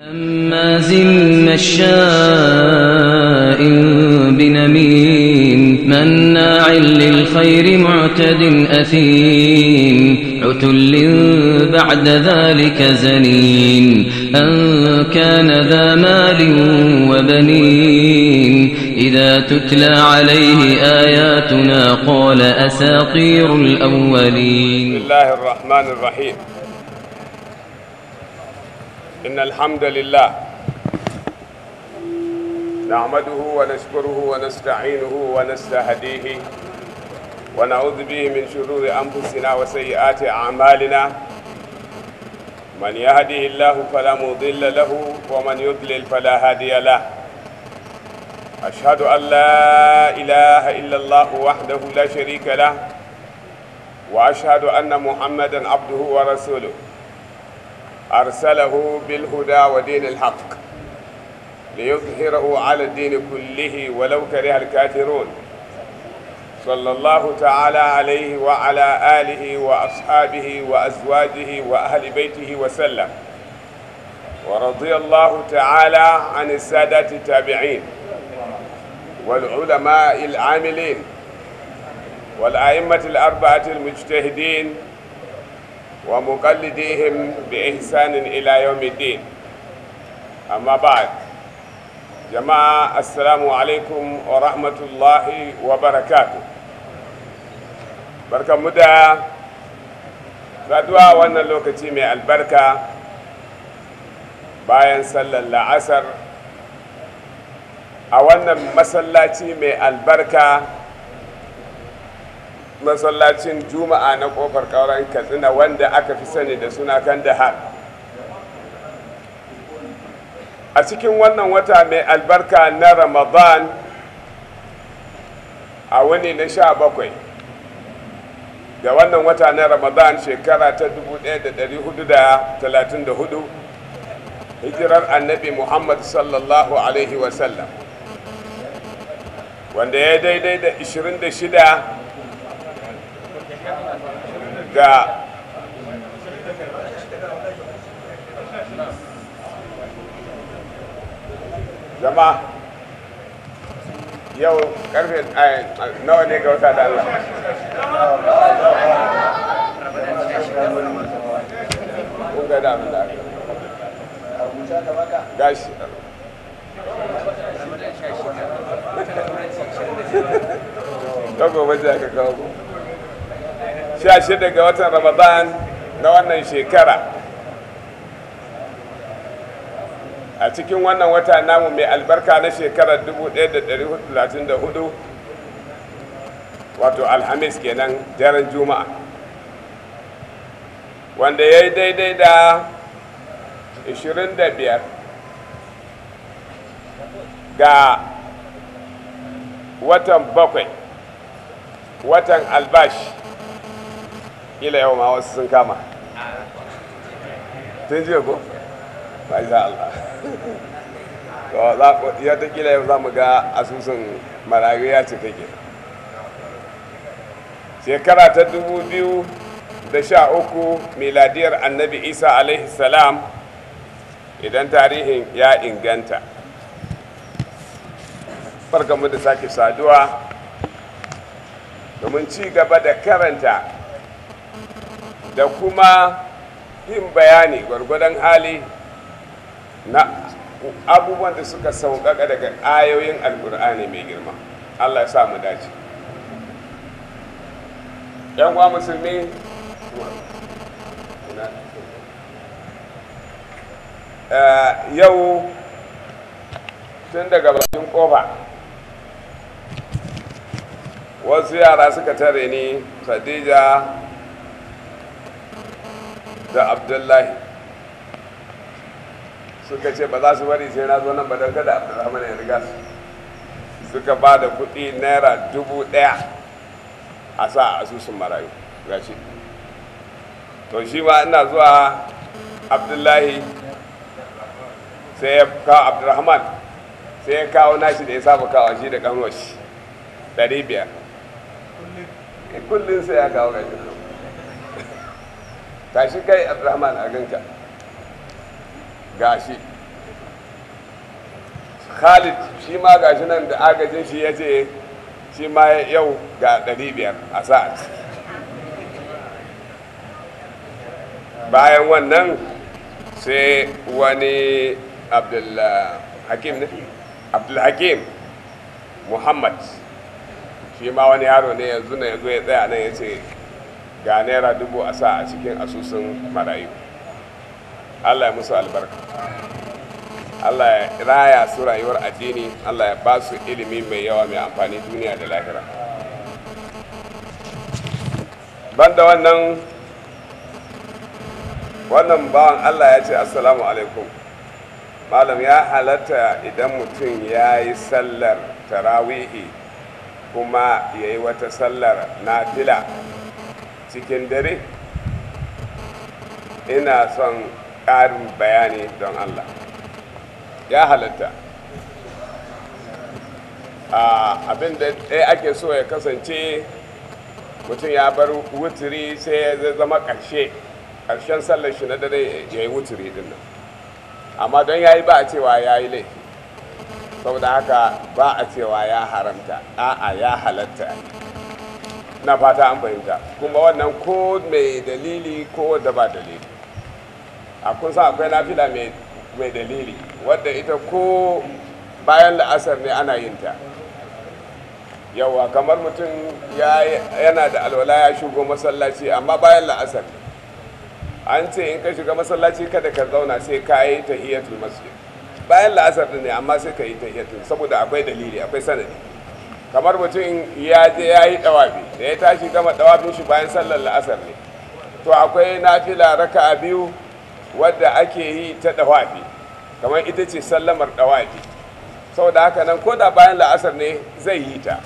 هماز مشاء بنميم مناع للخير معتد أثيم عتل بعد ذلك زنين أن كان ذا مال وبنين إذا تتلى عليه آياتنا قال أساطير الأولين بسم الله الرحمن الرحيم إن الحمد لله نعمده ونشكره ونستعينه ونستهديه ونعوذ به من شرور أنفسنا وسيئات أعمالنا من يهده الله فلا مضل له ومن يضلل فلا هادي له أشهد أن لا إله إلا الله وحده لا شريك له وأشهد أن محمدا عبده ورسوله أرسله بالهدى ودين الحق ليظهره على الدين كله ولو كره الكافرون صلى الله تعالى عليه وعلى آله وأصحابه وأزواجه وأهل بيته وسلم ورضي الله تعالى عن السادة التابعين والعلماء العاملين والأئمة الأربعة المجتهدين ومقلديهم بإحسان إلى يوم الدين أما بعد جماعة السلام عليكم ورحمة الله وبركاته بركة مدى فدوا وانا لوكتي من البركة bayan sallar la'asar a wannan masallaci mai albarka masallacin juma'a na kofar kauran katsina wanda aka fi sani da suna kan dahar a cikin wannan wata mai albarka na ramadan a wani na sha bakwai Da wannan wata na ramadan shekara ta 1434 hijirar annabi muhammad sallallahu alaihi wasallam wanda ya daidai da 26 ga zama yau karfe eh, nawa ne ga wata da Allah ga da abin da gashi ta kawo sha daga ga watan ramadan na wannan shekara a cikin wannan wata namu mai albarka na shekarar 1434 wato alhamis kenan daren juma'a wanda ya yi daidai da 25 ga watan bakwai watan albashi ila yau ma wasu sun kama tun jiya ko masha Allah to ya ta kila yau za mu ga asusun marayu ya ce take shekara ta dubu biyu da sha uku miladiyar annabi isa alaihi salam idan tarihin ya inganta farkamu da sake saduwa domin ci gaba da karanta da kuma yin bayani gwargwadon hali na abubuwan da suka sauƙaƙa daga ayoyin Alƙur'ani mai girma allah ya sa mu dace yan kwa musulmi eh, yau tun daga bakin ƙofa wasu yara suka tare ni khadija da abdullahi suka ce ba za su bari sai na zo nan ba don kada abdulrahman ya riga suka ba da kuɗi naira dubu ɗaya a sa a asusun marayu gashi to shi ma ina zuwa abdullahi sai ya kawo abdullahi sai ya kawo nashi da ya saba kawo shi da kanuwa shi ɗari biyar kullum eh, sai ya kawo gashi tashi kai abdurrahman a ganka gashi khalid shi ma gashi nan da agajin shi ya ce shi ma yau ga 500 a sa'ad bayan wannan sai wani abdullahakim ne abdullahakim muhammad shi ma wani yaro ne yanzu na yanzu ya tsaya nan ya ce ga naira dubu a sa a cikin asusun marayu allah ya musu albarka allah ya raya su rayuwar addini allah ya ba su ilimi mai yawa mai amfani duniya da lahira banda wannan wannan bawan allah ya ce assalamu alaikum malam ya halatta idan mutum ya yi sallar tarawihi kuma ya yi wata sallar nafila cikin dare ina son ƙarin bayani don allah ya halatta abin da ɗaya ake so ya kasance mutum ya bar wuturi sai ya zama ƙarshe ƙarshen sallar shi na dare ya yi wuturi din nan amma don ya yi ba a cewa ya yi laifi saboda haka ba a cewa ya haramta a'a ya halatta na fata an fahimta kuma wannan ko mai dalili ko wadda ba dalili a kun sa akwai nafila mai dalili wadda ita ko bayan la'asar ne ana yin ta yawa kamar mutum yana da alwala ya shigo masallaci amma bayan la'asar an ce in ka shiga masallaci kada ka zauna sai ka yi ta tahiyatul masjid bayan la'asar ne amma sai ka yi ta tahiyatul saboda akwai dalili akwai sanadi kamar mutum ya je ya yi ɗawafi da ya tashi gama ɗawafin shi bayan sallar la'asar ne to akwai nafila a biyu wadda ake yi ta ɗawafi kamar ita ce sallamar ɗawafi saboda haka nan ko da bayan la'asar ne zai yi ta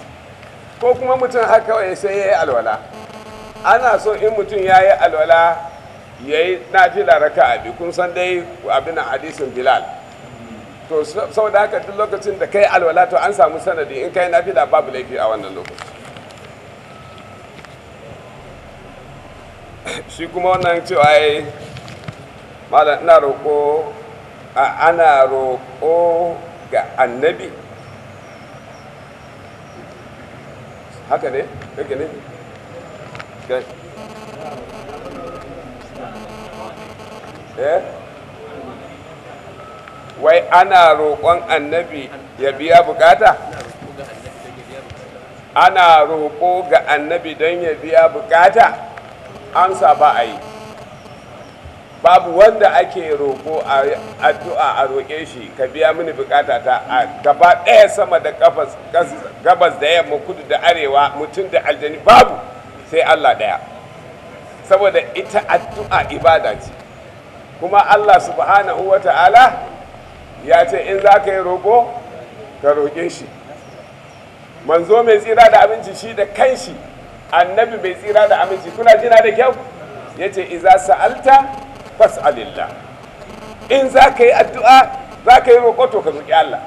ko kuma mutum haka ya sai ya yi alwala ana so in mutum ya yi alwala ya yi nafila a biyu kun san dai abin hadisin bilal to saboda haka duk lokacin da kai alwala to an samu sanadi in kai na da babu laifi a wannan lokaci shi kuma wannan cewa ya malam ina roƙo ana roƙo ga annabi haka ne kake ne wai ana roƙon annabi ya biya bukata ana roƙo ga annabi don ya biya bukata amsa ba a yi babu wanda ake roƙo a addu'a a roƙe shi ka biya mini bukata ta a gaba ɗaya sama da gabas da yamma kudu da arewa mutum da aljani babu sai allah ɗaya saboda ita addu'a ibada ce kuma allah subhanahu wa ta'ala ya ce in za ka yi roƙo ka roƙe shi manzo mai tsira da aminci shi da kanshi annabi mai tsira da aminci kuna jina da kyau ya ce iza sa'alta fas'alillah in za ka yi addu'a za ka yi roƙo to ka roƙi Allah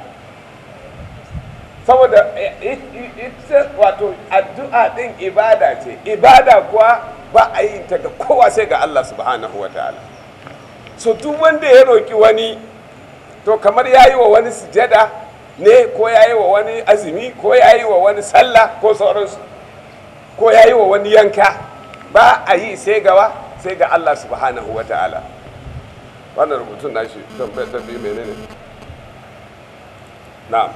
saboda eh, eh, eh, ita wato addu'a ɗin ibada ce ibada kuwa ba a yi ta ga kowa sai ga Allah subhanahu wa ta'ala so duk wanda ya roƙi wani to kamar ya yi wa wani sujada ne ko ya yi wa wani azumi ko ya yi wa wani sallah ko sauransu ko ya yi wa wani yanka ba a yi sai gawa sai ga allah subhanahu wa ta'ala wannan rubutun nashi tambayar tambayi menene na'am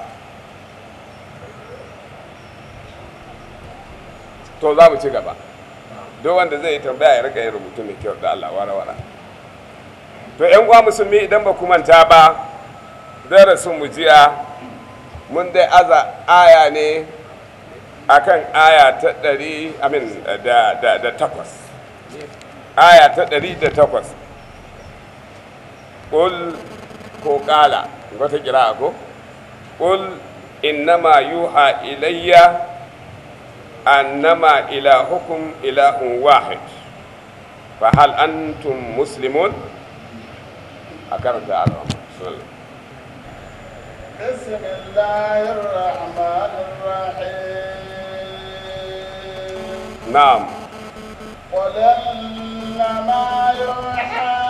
to za mu ci gaba duk wanda zai yi tambaya ya riga yin rubutu mai kyau da Allah wara wara to yan uwa musulmi idan ba ku manta ba darasin mu jiya mun dai aza aya ne akan aya ta ɗari amin da takwas aya ta ɗari da takwas ƙul ko ƙala wata kira ko ƙul innama yuha ilayya annama ilahukum ilahun wahid fa hal antum muslimun a karanta al'amma sallallahu بسم الله الرحمن الرحيم نعم قل إنما يوحى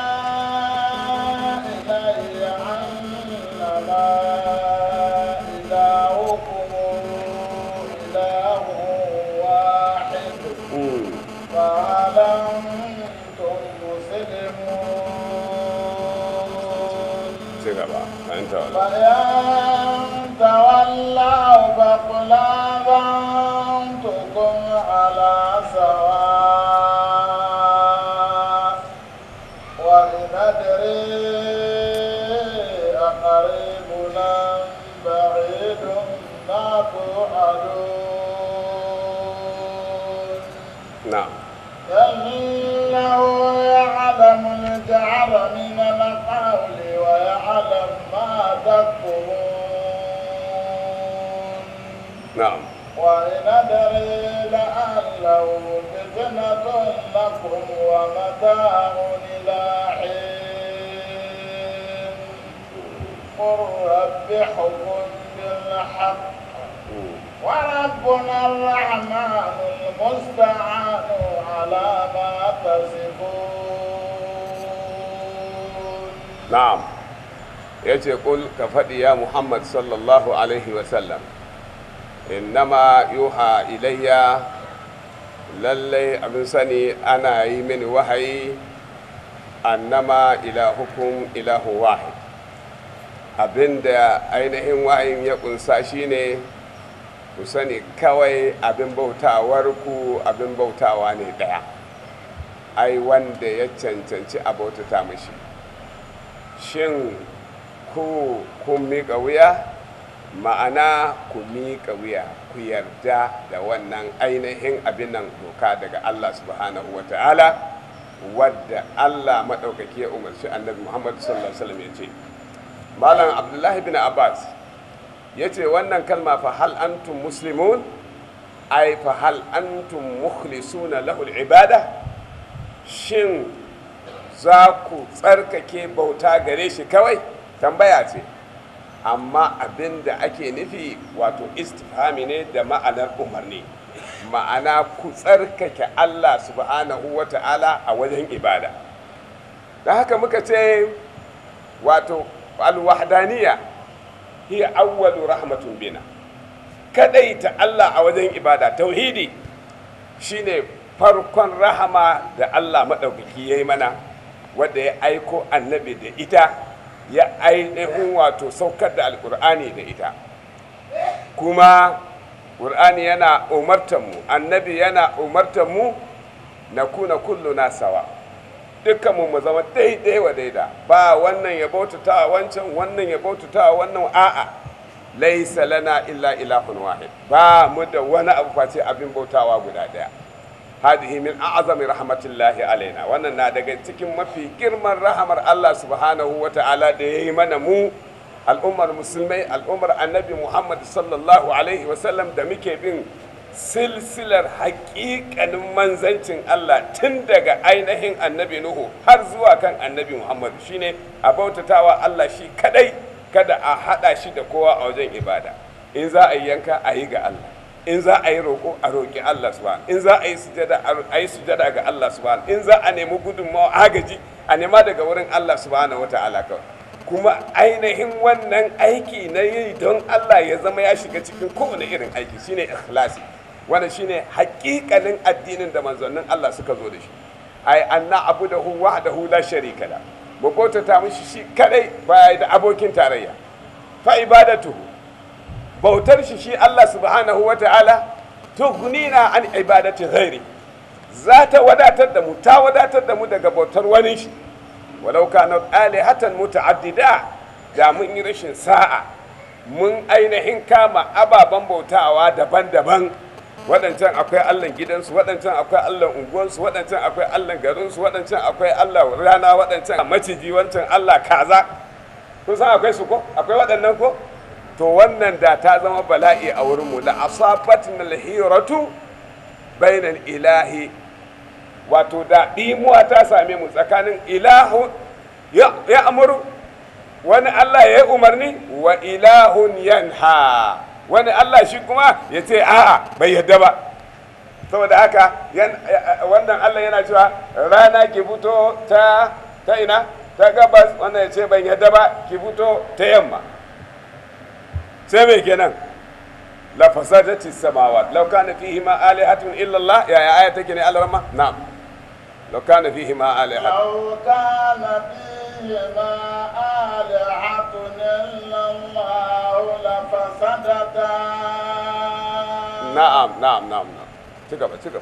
تعالى تولوا فقل آذنتكم على سواء وإن أدري أم بعيد ما توعدون نعم إنه يعلم الجعر من القول ويعلم ما تكفرون نعم وإن أدري لعله فتنة لكم ومتاع إلى حين قل رب حب بالحق وربنا الرحمن المستعان على ما تصفون نعم ya ce kul ka faɗi ya muhammad sallallahu alaihi wasallam innama yuha ilayya lallai abin sani ana yi mini wahayi annama ilahukum ilahu wahid abinda ainihin wahayin ya kunsa shine ku sani kawai abin bautawar ku abin bautawa ne daya ai wanda ya cancanci a bautata mashi shin ku kun miƙa wuya ma'ana ku miƙa wuya ku yarda da wannan ainihin abin nan doka daga Allah subhanahu wa ta'ala wadda Allah maɗaukaki ya umarci annabi Muhammad sallallahu alaihi wasallam ya ce malam abdullahi bin abbas ya ce wannan kalma fa hal antum muslimun ai fa hal antum mukhlisuna lahul ibada shin za ku tsarkake bauta gare shi kawai tambaya ce amma abin da ake nufi wato istifami ne da ma'anar umarni ma'ana ku tsarkake Allah subhanahu wa ta'ala a wajen ibada da haka muka ce wato alwahdaniya hi awwalu rahmatun bina ta Allah a wajen ibada tauhidi shine farkon rahama da Allah maɗaukaki ya yi mana wanda ya aiko annabi da ita ya ainihin wato saukar da alkur'ani da ita kuma ƙur'ani yana mu annabi yana umartanmu na kuna kullu na sawa dukkanmu mu zama daidai wa daida ba wannan ya bautata wancan wannan ya bautata wannan a'a laisa lana illa ilahun wahid ba mu da wani abu face abin bautawa guda daya hadihi min a'zami rahmatillahi alaina wannan na daga cikin mafi girman rahamar Allah subhanahu wa ta'ala da yayi mana mu al'ummar musulmai al'ummar annabi Muhammad sallallahu alaihi wa sallam da muke bin silsilar haƙiƙanin manzancin Allah tun daga ainihin annabi Nuhu har zuwa kan annabi Muhammad shine a bautatawa Allah shi kadai kada a haɗa shi da kowa a wajen ibada in za a yi yanka a yi ga Allah in za a yi roƙo a roƙi Allah in za a yi sujada ga Allah in za a nemi gudunmawa agaji a nema daga wurin Allah subhanahu wata kawai kuma ainihin wannan aiki na yi don Allah ya zama ya shiga cikin kowane irin aiki shine ikhlasi wannan shine haƙiƙanin addinin da manzannin Allah suka zo da shi ai anna abudahu wahdahu la sharika la mu ta mishi shi kadai ba da abokin tarayya fa ibadatuhu bautar shi shi Allah subhanahu wa ta'ala tughnina an ibadati ghairi za ta wadatar da mu ta wadatar da mu daga bautar wani shi walau kana alihatan muta'addida da mun yi rashin sa'a mun ainihin kama ababen bautawa daban-daban waɗancan akwai allan gidansu waɗancan akwai allan unguwansu waɗancan akwai allan garinsu waɗancan akwai allah rana waɗancan maciji wancan allah kaza kun san akwai su ko akwai waɗannan ko to wannan da ta zama bala'i a wurinmu la nal hiratu bainal ilahi wato da ɗimuwa ta same mu tsakanin ilahu ya amuru wani Allah ya yi umarni wa ilahun yanha wani Allah shi kuma ya ce a'a bai yadda ba saboda haka wannan Allah yana cewa rana ki fito ta ina ta gabas wannan ya ce ban yadda ba ki fito ta yamma sai mai kenan la fasadati samawat law kana fihi ma alihatun illa Allah ya ya aya take ne alarma na'am law kana fihi ma alihatun law kana fihi ma alihatun illa Allah la fasadata na'am na'am na'am ci gaba ci gaba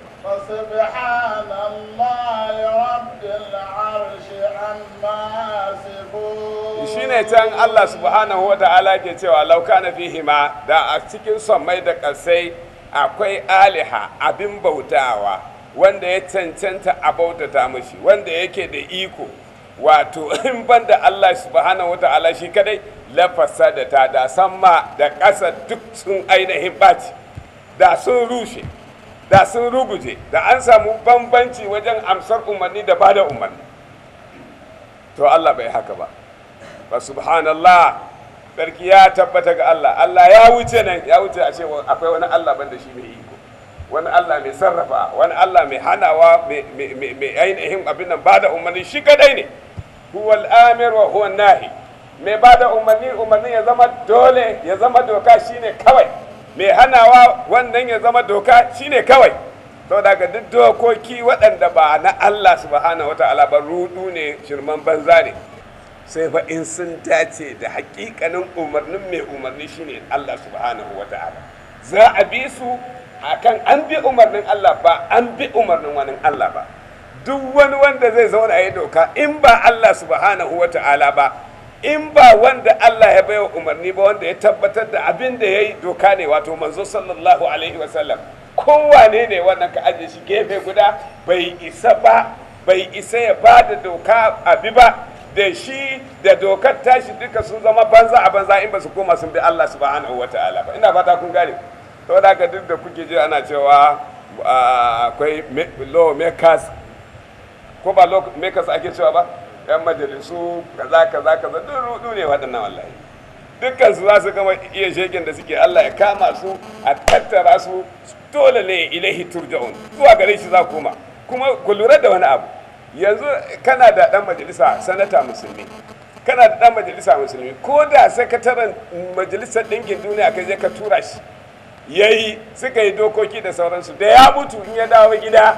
shine can Allah subhanahu wa ta'ala ke cewa lauka na hima da a cikin mai da ƙasai akwai aliha abin bautawa wanda ya cancanta a bautata mashi wanda yake da iko wato in da Allah subhanahu wa ta'ala shi kadai lafasa da ta da sama da ƙasa duk sun ainihin baci da sun rushe da sun ruguje da an samu bambanci wajen amsar umarni da bada umarni to Allah bai haka ba ba subhanallah sarki ya tabbata ga Allah Allah ya wuce nan ya wuce a ce akwai wani Allah banda shi mai iko wani Allah mai sarrafa wani Allah mai hanawa mai ainihin abin nan ba da umarni shi kadai ne huwal amir wa huwan nahi mai da umarni umarni ya zama dole ya zama doka shine kawai mai hanawa wannan ya zama doka shine kawai Sau ga duk dokoki waɗanda ba na Allah subhanahu wata ba rudu ne shirman banza ne sai fa in sun dace da hakikanin umarnin mai umarni shine Allah subhanahu wata'ala za a bi su a kan an bi umarnin Allah ba an bi umarnin wani Allah ba duk wani wanda zai zauna yi doka in ba Allah subhanahu ta'ala ba in ba wanda Allah ya baiwa umarni ba wanda ya tabbatar da abin da ya yi doka ne wato manzo sallallahu alaihi wasallam kowane ne wannan ka ajiye shi gefe guda bai isa ba bai isa ya ba da doka abi ba da shi da dokar tashi duka sun zama banza a banza in ba su koma sun bi Allah subhanahu wa ta'ala ba ina fata kun gane to da duk da kuke ji ana cewa ah, akwai law makers ko ba law makers ake cewa ba yan majalisu kaza kaza kaza duk rudu ne waɗannan wallahi dukkan su za su gama iya shekin da suke Allah ya kama su a tattara su dole ne ilahi turja'un zuwa gare shi za kuma. kuma ku lura da wani abu yanzu kana da dan majalisa sanata musulmi kana da dan majalisa musulmi ko da sakataren majalisar ɗinkin duniya kai je ka tura shi yayi suka yi dokoki da sauransu da ya mutu in ya dawo gida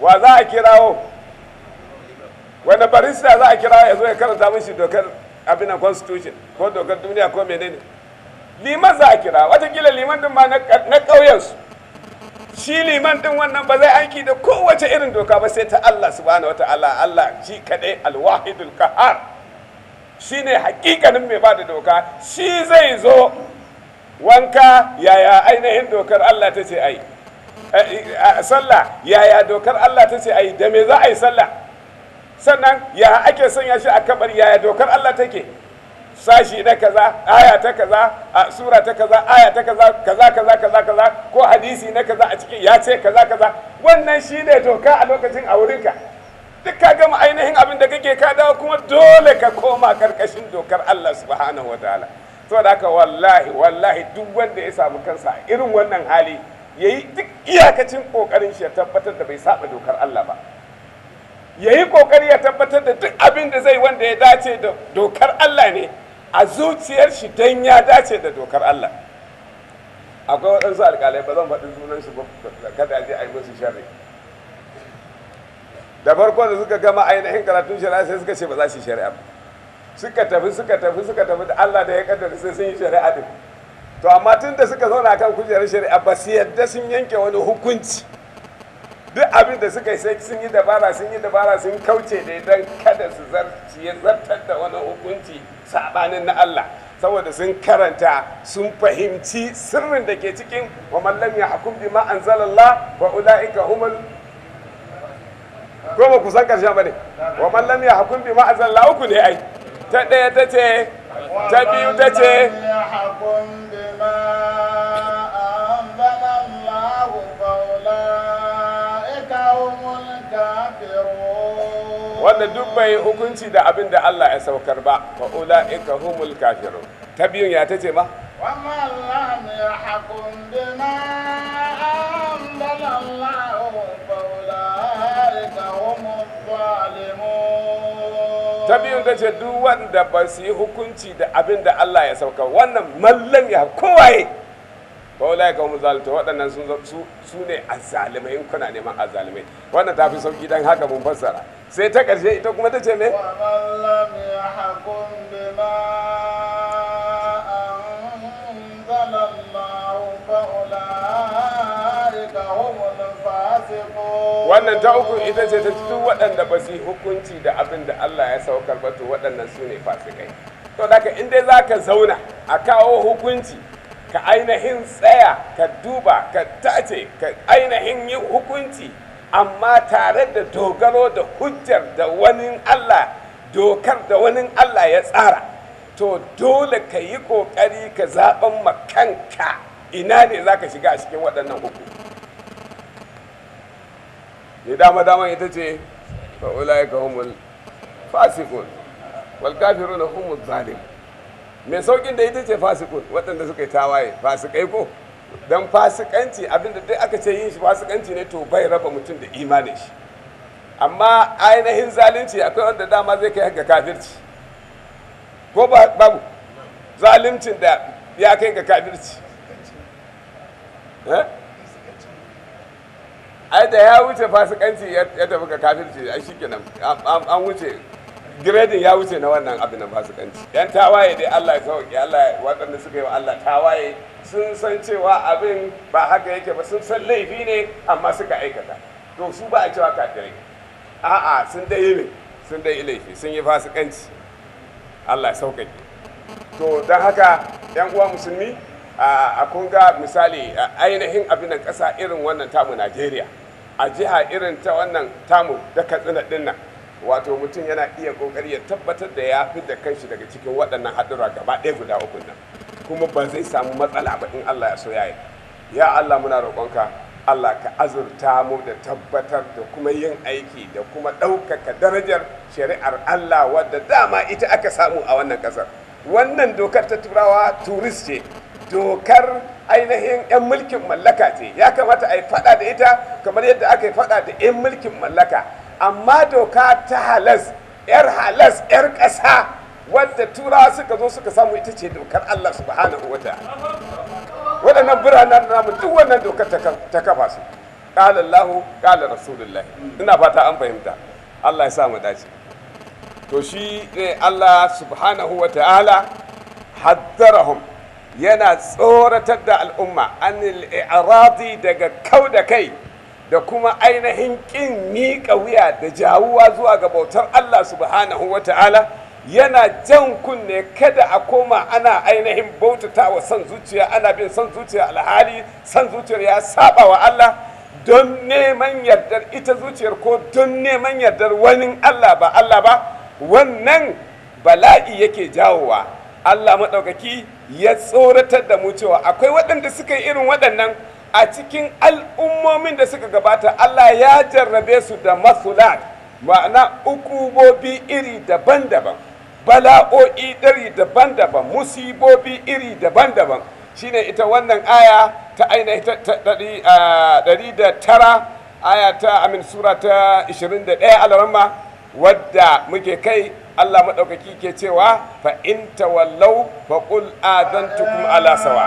wa za a kirawo wanda barista za a kira ya zo ya karanta mun shi dokar abin na constitution ko dokar duniya ko menene liman za a kira watakila liman din ma na ƙauyensu shi liman din wannan ba zai aiki da kowace irin doka ba sai ta Allah subhanahu ta'ala Allah shi kadai alwahidul qahar ne hakikanin mai bada doka shi zai zo wanka yaya ainihin dokar Allah ta ce ai eh, eh, sallah yaya dokar Allah ta ce ai da me za a yi sallah sannan ya ake sanya shi a kabar yaya dokar Allah take sashi na kaza aya ta kaza a sura ta kaza aya ta kaza kaza kaza kaza kaza ko hadisi na kaza a cikin ya ce kaza kaza wannan shi ne doka a lokacin a wurinka duk ka gama ainihin abin da kake ka dawo kuma dole ka koma karkashin dokar Allah subhanahu wataala saboda haka wallahi wallahi duk wanda ya samu kansa irin wannan hali yayi duk iyakacin kokarin shi ya tabbatar da bai saba dokar Allah ba ya yi kokari ya tabbatar da duk abin da zai wanda ya dace da dokar Allah ne a zuciyar shi don ya dace da dokar Allah akwai waɗansu alƙalai ba zan faɗi sunan su ba kada je a yi musu sharri da farko da suka gama ainihin karatun shari'a sai suka ce ba za su yi shari'a ba suka tafi suka tafi suka tafi da Allah da ya kaddara sai sun yi shari'a din to amma tun da suka zauna kan kujerar shari'a ba su yadda sun yanke wani hukunci duk abin da suka yi sai sun yi dabara sun yi dabara sun kauce da don kada su zarci ya zartar da wani hukunci sabanin na Allah saboda sun karanta sun fahimci sirrin da ke cikin wa mallam ya hukum bima anzalallah wa ulaika humul goma ku san karshen bane wa mallam ya hukum bima anzalallah uku ne ai ta ɗaya ta ce ta biyu ta ce Allah wanda duk bai hukunci da abin da Allah ya saukar ba fa ulaika humul kafiru ta biyun ya tace ba wa ma lam yahkum bima ta ce duk wanda ba su yi hukunci da abin da Allah ya saukar wannan mallan ya kowaye fa wala ka mu zalitu waɗannan sun su su ne azzalimai in kuna neman azzalimai wannan ta fi sauki dan haka mun fassara sai ta ƙarshe ita kuma ta ce me wannan ta uku ita ce ta duk waɗanda ba su yi hukunci da abin da Allah ya saukar ba to waɗannan su ne fasikai to da in dai za ka zauna a kawo hukunci ka ainihin tsaya ka duba ka tace ka ainihin yi hukunci amma tare da dogaro da hujjar da wani allah dokar da wani allah ya tsara to dole ka yi ƙoƙari ka zaɓen makanka ina ne za ka shiga a cikin waɗannan hukunci ne dama dama ita ce fa'ula ya ka humul fasikun wal humul zalim mai saukin da ita ce fasikun waɗanda suka yi tawaye fasikai ko don fasikanci abinda duk aka ce yin shi fasikanci ne to bai raba mutum da imanin shi amma ainihin zalunci akwai wanda dama zai kai ga kafirci ko babu zaluncin da ya kai ga kafirci eh? ai da ya wuce fasikanci ya tafi ga kafirci ai shikenan an wuce giredin ya wuce na wannan abin na fasikanci yan tawaye dai Allah ya sauke Allah waɗanda suka yi wa Allah tawaye sun san cewa abin ba haka yake ba sun san laifi ne amma suka aikata to su ba a cewa kafirai a'a sun dai ne sun dai laifi sun yi fasikanci Allah ya sauke to don haka yan uwa musulmi a kun ga misali ainihin abin nan ƙasa irin wannan tamu Najeriya a jiha irin ta wannan tamu da katsina dinnan wato mutum yana iya kokari ya tabbatar da ya fi da kanshi daga cikin waɗannan haɗura gaba ɗaya guda uku nan kuma ba zai samu matsala ba in Allah ya so ya ya Allah muna roƙonka Allah ka azurta mu da tabbatar da kuma yin aiki da kuma ɗaukaka darajar shari'ar Allah wadda dama ita aka samu a wannan ƙasar wannan dokar ta turawa turist ce dokar ainihin 'yan mulkin mallaka ce ya kamata a yi fada da ita kamar yadda aka yi fada da 'yan mulkin mallaka amma doka ta halas yar halas yar ƙasa wadda tura suka zo suka samu ita ce dokar Allah subhanahu wa ta'ala waɗannan biranen namu duk wannan dokar ta kafa su qala Allah qala rasulullahi ina fata an fahimta Allah ya sa mu dace to shi ne Allah subhanahu wa ta'ala haddarahum yana tsoratar da al'umma anil i'radi daga kau da kai da kuma ainihin ƙin miƙa wuya da jawuwa zuwa ga bautar Allah subhanahu wa ta'ala yana jan kunne kada a koma ana ainihin bautata wa son zuciya ana bin son zuciya alhali son zuciyar ya saba wa Allah don neman yardar ita zuciyar ko don neman yardar wani Allah ba Allah ba wannan bala'i yake jawowa Allah maɗaukaki ya tsoratar da mu cewa akwai waɗanda suka yi irin waɗannan a cikin al'ummomin da suka gabata Allah ya jarrabe su da masulat ma'ana ukubobi iri daban-daban bala'o'i dari daban-daban musibobi iri daban-daban shine ita wannan aya ta ita ɗari da tara aya ta amin sura ta 21 al'amma wadda muke kai Allah maɗaukaki ke cewa fa in tawallau fa alasawa.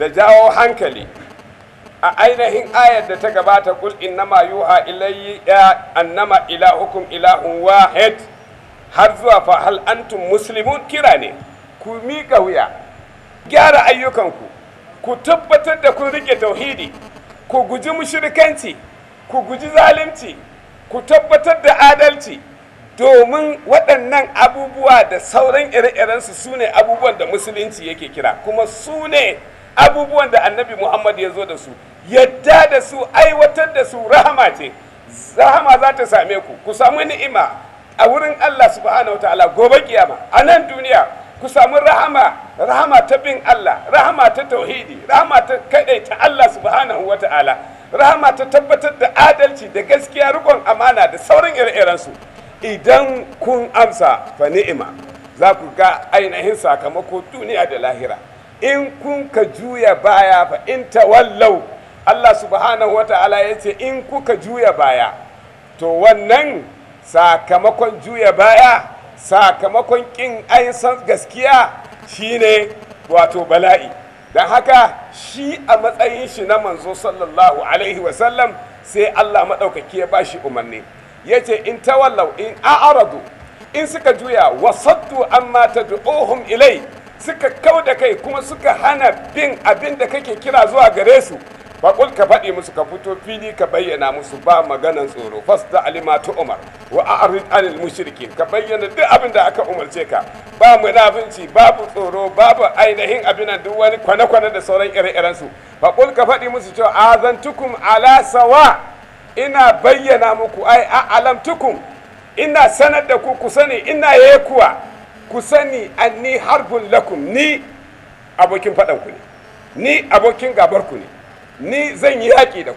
da jawo hankali a ainihin ayar da ta gabata kul innama yuha ilayya annama ilahukum ilahun wahid har zuwa fa hal antum muslimun kira ne ku miƙa wuya gyara ayyukanku ku tabbatar da kun rike tauhidi ku guji mushrikanci ku guji zalunci ku tabbatar da adalci domin waɗannan abubuwa da sauran ire-irensu su ne abubuwan da musulunci yake kira kuma su ne abubuwan da annabi muhammad ya zo da su yadda da su aiwatar da su rahama ce rahama za ta same ku ku samu ni'ima a wurin allah subhanahu wa ta'ala gobe kiyama a nan duniya ku samu rahama rahama ta bin allah rahama ta tauhidi rahama ta ta allah subhanahu wa ta'ala rahama ta tabbatar da adalci da gaskiya rikon amana da sauran ire-irensu idan kun amsa fa ni'ima za ku ga ainihin sakamako duniya da lahira in kun ka juya baya fa in tawallau Allah subhanahu wa ta'ala ya ce in kuka juya baya to wannan sakamakon juya baya sakamakon kin san gaskiya shine wato bala'i don haka shi a matsayin shi na manzo sallallahu alaihi wasallam sai Allah maɗaukaki ya bashi umarni ya ce in tawallau in a'aradu in suka juya wasaddu amma ta ilai suka kau da kai kuma suka hana bin abin da kake kira zuwa gare su faƙul ka faɗi musu ka fito fili ka bayyana musu ba maganan tsoro fasta alima ta umar wa a'rid anil ka bayyana duk abin da aka umarce ka ba munafinci babu tsoro babu ainihin abin duk wani kwane-kwane da sauran ire-iren su faƙul ka faɗi musu cewa azantukum ala sawa ina bayyana muku ai a alamtukun ina sanar da ku ku sani ina yekuwa ku sani an ni harbun lakum ni abokin faɗanku ne ni abokin gabarku ne ni zan yi yaƙi da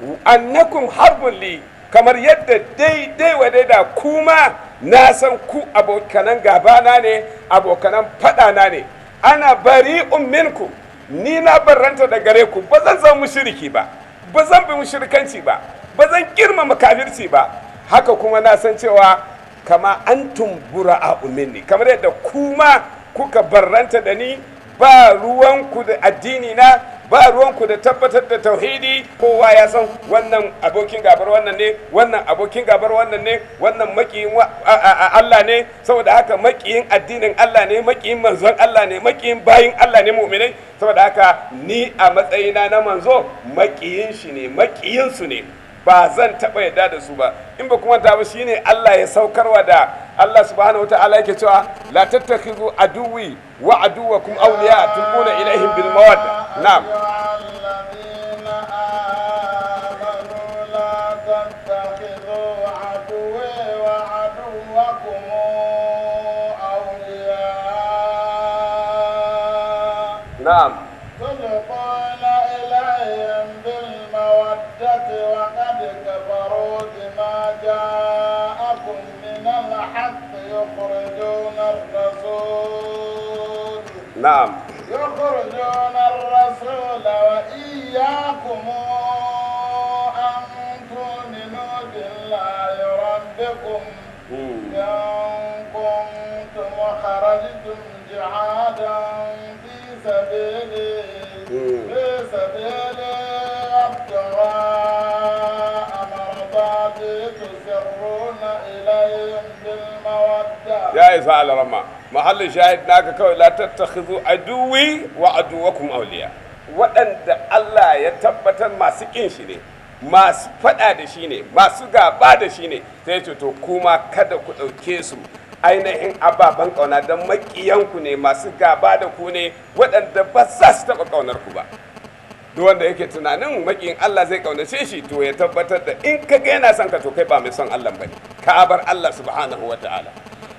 ku annakum harbun li kamar yadda daidai wa daida kuma na san ku abokanan gabana ne abokanan faɗana ne ana bari minku ni na barranta da gare ku ba zan zama mushiriki ba ba zan bi mushirikanci ba ba zan girmama makafirci ba haka kuma na san cewa kama an tumbura a umini kamar yadda kuma kuka barranta da ni ba ruwanku da addini na ba ruwanku da tabbatar da tauhidi kowa ya san wannan abokin gabar wannan ne wannan abokin gabar wannan ne wannan makiyin Allah ne saboda haka makiyin addinin Allah ne makiyin manzon Allah ne makiyin bayin Allah ne mu'minai saboda haka ni a matsayina na manzo makiyin shi ne makiyin su ne ba zan taɓa yadda da su ba in ba kuma ta ba shine Allah ya saukarwa da Allah subhanahu wa ta'ala yake cewa la tattakhidhu aduwi wa aduwakum awliya tulquna ilaihim bil mawadda na'am الآيات وقد كفروا بما جاءكم من الحق يخرجون الرسول نعم يخرجون الرسول وإياكم أن تؤمنوا بالله ربكم إن كنتم خرجتم جهادا في سبيلي في سبيلي وابتغاء مرضاتي تسرون إليهم بالمودة يا إسحاق الرما محل شاهد ناك كوي لا تتخذوا عدوي وعدوكم أولياء waɗanda Allah ya tabbatar masu ƙin shi ne masu faɗa da shi ne masu gaba da shi ne sai ce to kuma kada ku ɗauke su ainihin ababen ƙauna don maƙiyanku ne masu gaba da ku ne waɗanda ba za su taɓa ƙaunar ku ba duk wanda yake tunanin makin Allah zai kaunace shi to ya tabbatar da in ka ga yana son ka to kai ba mai son Allah bane ka bar Allah subhanahu wataala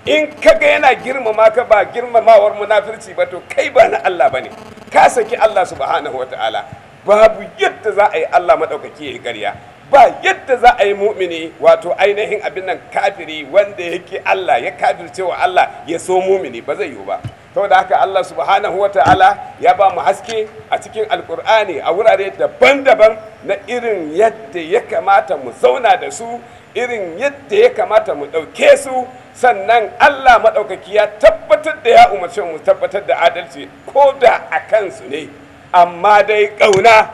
in ka ga yana girmama ka ba girmamawar munafirci ba to kai ba na Allah bane ka saki Allah subhanahu wataala babu yadda za a yi Allah madaukaki ya ƙarya ba yadda za a yi mumini wato ainihin abin nan kafiri wanda yake Allah ya kafircewa wa Allah ya so mumini ba zai yiwu ba saboda haka Allah subhanahu wa ta'ala ya ba mu haske a cikin alkur'ani a wurare daban-daban na irin yadda ya kamata mu zauna da su irin yadda ya kamata mu ɗauke su sannan Allah maɗaukaki ya tabbatar da ya umarci mu tabbatar da adalci ko da a kansu ne amma dai ƙauna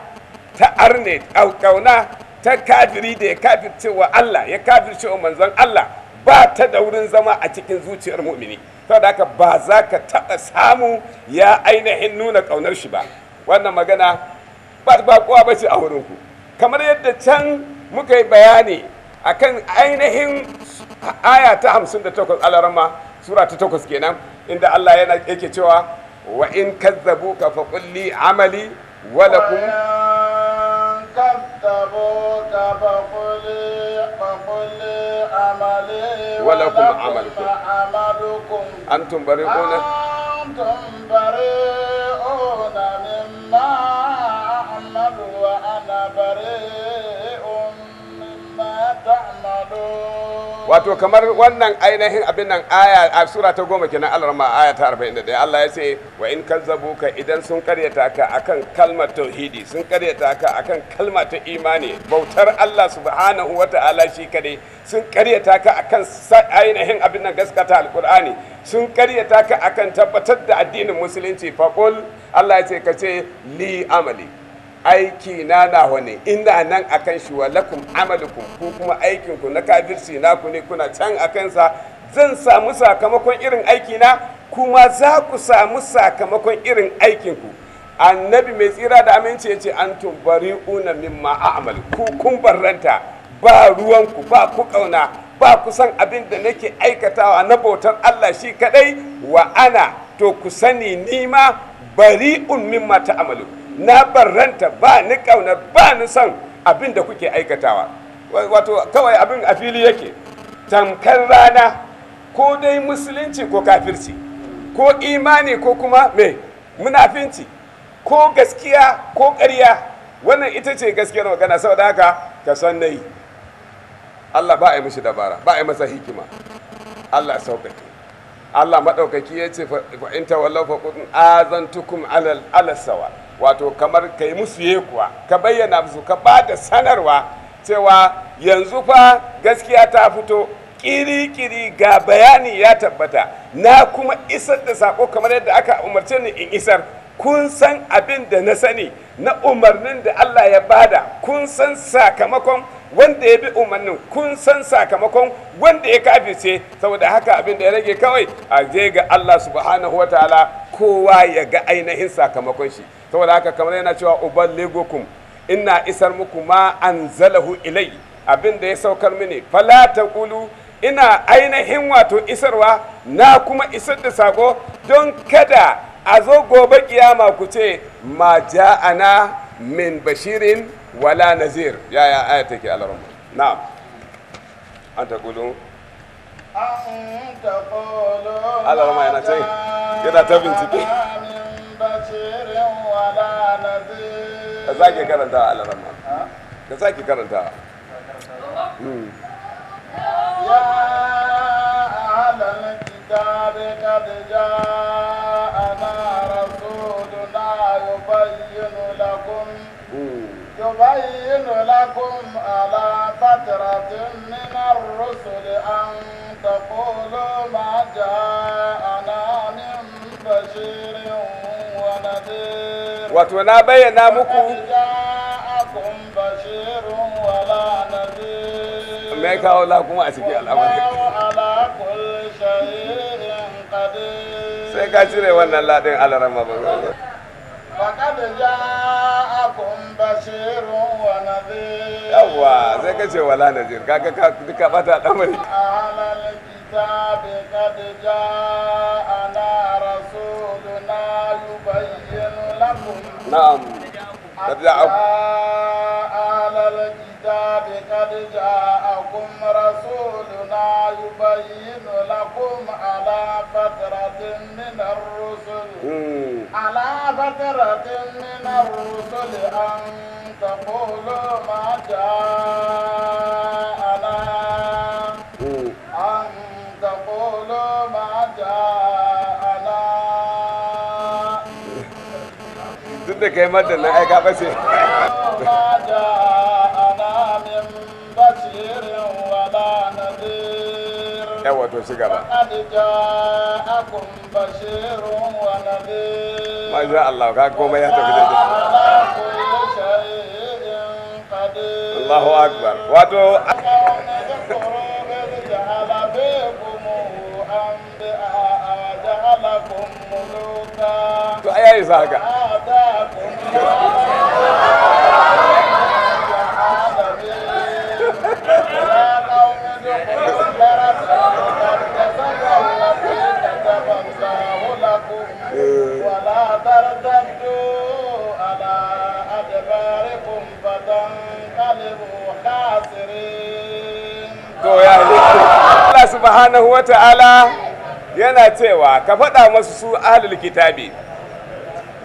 ta arne ƙauna ta kafiri da ya kafircewa Allah ya kafircewa manzon Allah ba ta da wurin zama a cikin zuciyar mu'mini da haka ba za ka taɓa samu ya ainihin nuna ƙaunar shi ba wannan magana ba ba kowa ba ce a ku kamar yadda can muka yi bayani a kan ainihin aya ta 58 alarama sura ta takwas kenan inda Allah yana yake cewa wa in kazzabu fa kulli amali wa lakum كذبوك فقل عملي ولكم عملكم أنتم بريئون أنتم بريئون مما أعمل وأنا بريء wato kamar wannan ainihin abin nan aya a sura ta goma kenan Allah rama aya ta 41 Allah ya ce wa in kazzabu ka idan sun karyata ka akan kalmar tauhidi sun karyata ka akan kalma ta imani bautar Allah subhanahu wata'ala shi kade sun karyata ka akan ainihin abin nan gaskata alqur'ani sun karyata ka akan tabbatar da addinin musulunci faqul Allah ya ce ka ce li amali aiki na nawa ne ina nan akan shi wa lakum amalukum ko kuma aikinku na kafirci na ku ne kuna can a kansa zan samu sakamakon irin aikina kuma za ku samu sakamakon irin aikinku annabi mai tsira da aminci ya ce an tumbari una min ma'amal ku kun barranta ba ruwanku ba ku kauna ba ku san abin da nake aikatawa na bautar Allah shi kadai wa ana to ku sani nima bari'un mimma ta'malu na barranta ba ni kauna ba ni son abin da kuke aikatawa wato kawai abin a fili yake tamkar rana ko dai musulunci ko kafirci ko imani ko kuma mai munafinci ko gaskiya ko ƙarya wannan ita ce gaskiyar magana da haka ka san nayi Allah ba a yi mashi dabara ba a yi masa hikima Allah sauƙaƙe Allah maɗaukaki ya ce fa'inta wallafa tawallaw azan qul azantukum alasawa wato kamar ka yi musu kuwa ka bayyana musu ka ba da sanarwa cewa yanzu fa gaskiya ta fito kiri-kiri ga bayani ya tabbata na kuma isar da sako kamar yadda aka umarce ni in isar kun san abin da na sani na umarnin da Allah ya bada kun san sakamakon wanda ya bi umarnin kun san sakamakon wanda ya kafice saboda haka abin da ya rage kawai a je ga Allah subhanahu ta'ala kowa ya ga ainihin sakamakon shi saboda haka kamar yana cewa legokun ina isar muku ma anzalahu ilai abin da ya saukar mini fala kulu ina ainihin wato isarwa na kuma isar da sako don kada a zo gobe kiyama ku ce ma ja'ana min bashirin wala nazir yaya aya take alaram na'am an ta kulun alaram yana ta yana ta bincike ka zaki karanta alaram ka zaki karanta يا أهل الكتاب قد جاءنا رسولنا يبين لكم يبين لكم على فترة من الرسل أن تقولوا ما جاءنا من بشير ونذير وتنا بينا مكو جاءكم بشير ولا نذير ما يكاو لكم أسكي الأمر على كل شيء قدير سيكاتيري وانا لا دين على رمضان faƙad ja'akum basirun wa nadhir yawa ka ce wala kaga ka duka bata al'amari ahlal kitabi qad ja'ana rasuluna yubayyin lakum na'am qad ja'akum ahlal الكتاب قد جاءكم رسولنا يبين لكم على فترة من الرسل على فترة من الرسل أن تقولوا ما جاءنا أن تقولوا ما جاءنا تدك يا مدن أي كابسي yawa to ci gaba maza Allah ka komai ya tafi alahu akbar wato ayi ayi Allah subhanahu wa ta'ala yana cewa ka faɗa masu su ahlul kitabi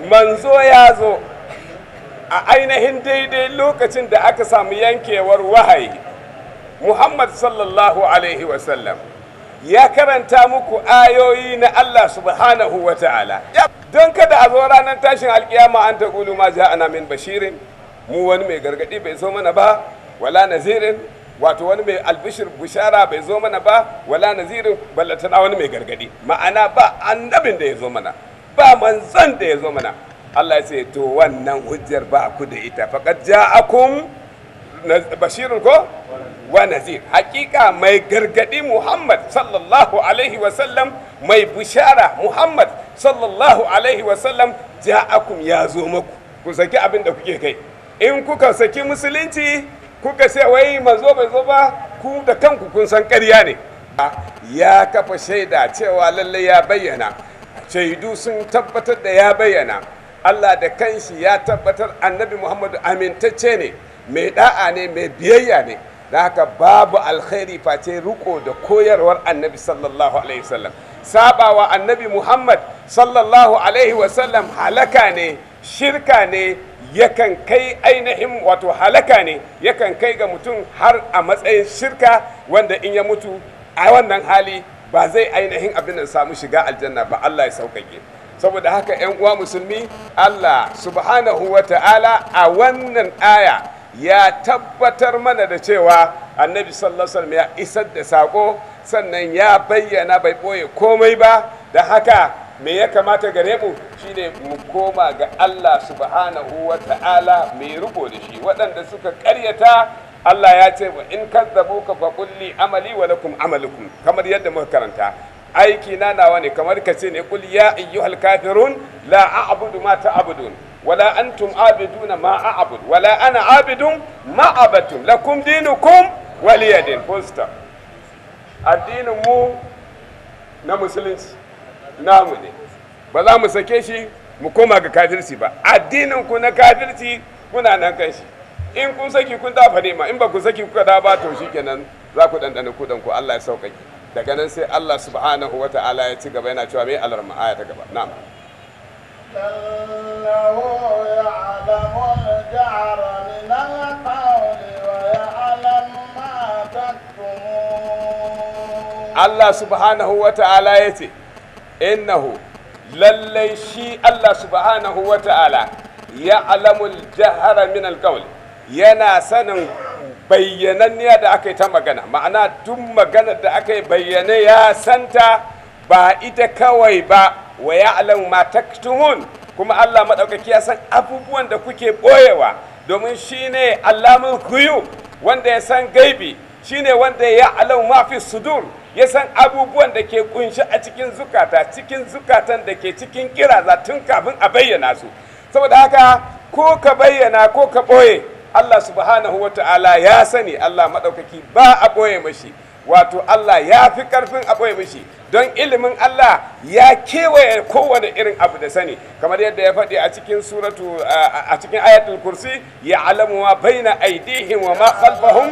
manzo ya zo a ainihin daidai lokacin da aka samu yankewar wahayi muhammad sallallahu alaihi wasallam ya karanta muku ayoyi na Allah subhanahu wa ta'ala don kada a zo ranar tashin alkiyama an taƙulu ma ja'ana min bashirin mu wani mai gargaɗi bai zo mana ba wala nazirin wato wani mai albishir bushara bai zo mana ba wala nazirin ballatana wani mai gargadi ma'ana ba annabin da ya zo mana ba manzan da ya zo mana Allah ya ce to wannan hujjar ba ku da ita faqad ja'akum bashirun ko wa nazir hakika mai gargadi Muhammad sallallahu alaihi wa sallam mai bushara Muhammad sallallahu alaihi wa sallam ja'akum ya zo muku ku saki abin da kuke kai in kuka saki musulunci kuka sai wai mazo mai zo ba ku da kanku kun san ƙarya ne ya kafa shaida cewa lallai ya bayyana shaidu sun tabbatar da ya bayyana Allah da kanshi ya tabbatar annabi Muhammadu amintacce ne mai da'a ne mai biyayya ne da haka babu alkhairi face riko da koyarwar annabi sallallahu alaihi wasallam sabawa annabi Muhammad sallallahu alaihi wasallam halaka ne shirka ne yakan kai ainihin wato halaka ne yakan kai ga mutum har a matsayin shirka wanda in ya mutu a wannan hali ba zai ainihin abin da samu shiga aljanna ba Allah ya sauƙaƙe saboda haka yan uwa musulmi Allah subhanahu wa ta'ala a wannan aya ya tabbatar mana da cewa annabi sallallahu alaihi ya isar da sako sannan ya bayyana bai ɓoye komai ba da haka me ya kamata gare mu shine mu koma ga Allah subhanahu wa ta'ala mai rubo da shi waɗanda suka ƙaryata Allah ya ce wa in kazzabu ka fa kulli amali wa lakum amalukum kamar yadda muka karanta aiki na nawa ne kamar ka ce ne kul ya ayyuhal kafirun la a'budu ma ta'budun wala antum abiduna ma a'bud wala ana abidun ma abatum lakum dinukum waliyadin posta addinin mu na musulunci namu ne ba za mu sake shi mu koma ga kafirci ba addinin ku na kafirci kuna nan kan shi in kun saki kun dafa ne ma in ba ku saki kuka da ba to shikenan za ku dandana ku dan ku Allah ya sauƙaƙe daga nan sai Allah subhanahu wa ta'ala ya ci gaba yana cewa mai alarma aya ta gaba na'am إنه يعلم الجعر من القول ويعلم ما تكتمون الله سبحانه ya ce. innahu lallai shi Allah subhanahu wa ta'ala ya alamul jahara min alƙawli yana sanin bayyananniya da aka yi ta magana ma'ana duk maganar da aka yi bayyane ya santa ba ita kawai ba wa ya alamu ma kuma Allah maɗaukaki ya san abubuwan da kuke ɓoyewa domin shi ne alamun huyu wanda ya san gaibi shi ne wanda ya alamu mafi sudur ya san abubuwan da ke kunshi a cikin zukata cikin zukatan da ke cikin kiraza tun kafin a bayyana su saboda haka ko ka bayyana ko ka ɓoye allah subhanahu wa ta'ala ya sani allah maɗaukaki ba a ɓoye mashi wato Allah ya fi karfin akwai mishi don ilimin Allah ya kewaye kowane irin abu da sani kamar yadda ya faɗi a cikin suratu a cikin ayatul kursi ya alamu wa baina aidihim wa ma khalfahum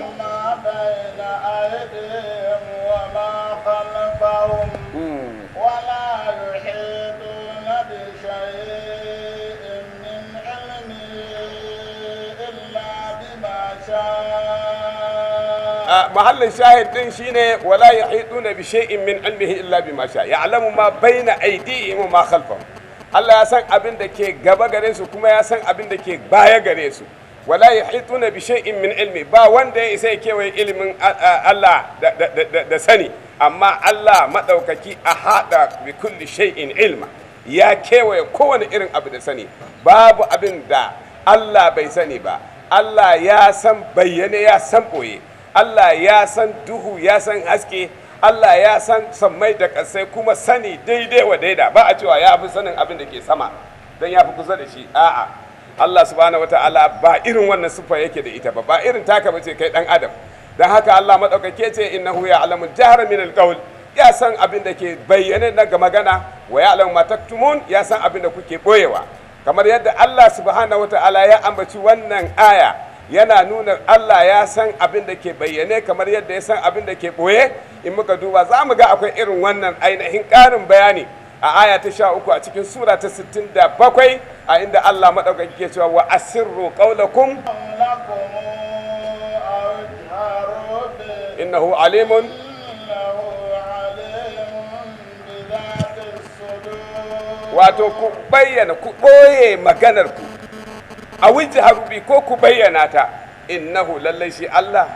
hmm. Yeah. mahallin shahid din shine wala yahiduna bi shay'in min ilmihi illa bima sha ya'lamu ma baina aydihim ma khalfahum Allah ya san abin da ke gaba gare su kuma ya san abin da ke baya gare su wala yahiduna bi shay'in min ilmi ba wanda ya isa ya kewaye ilimin Allah da sani amma Allah madaukaki a hada bi kulli shay'in ilma ya kewaye kowane irin abu da sani babu abin da Allah bai sani ba Allah ya san bayyane ya san boye Allah ya san duhu ya san haske Allah ya san sammai da ƙasai kuma sani daidai wa daida ba a cewa ya fi sanin abin da ke sama don ya fi kusa da shi a'a Allah subhanahu wata'ala ba irin wannan siffa yake da ita ba ba irin taka bace kai dan adam don haka Allah madaukake ce innahu alamu jahar min alqawl ya san abin da ke bayyane na ga magana wa ya ma mataktumun ya san abin da kuke boyewa kamar yadda Allah subhanahu wata'ala ya ambaci wannan aya yana nuna Allah ya san abin da ke bayyane kamar yadda ya san abin da ke ɓoye in muka duba za mu ga akwai irin wannan ainihin ƙarin bayani a aya ta sha uku a cikin sura ta sittin da bakwai a inda Allah maɗaukaki ke cewa wa asirru ƙaulakum innahu alimun wato ku bayyana ku ɓoye maganarku. a wujji bi ko ku bayyana ta innahu lallai shi Allah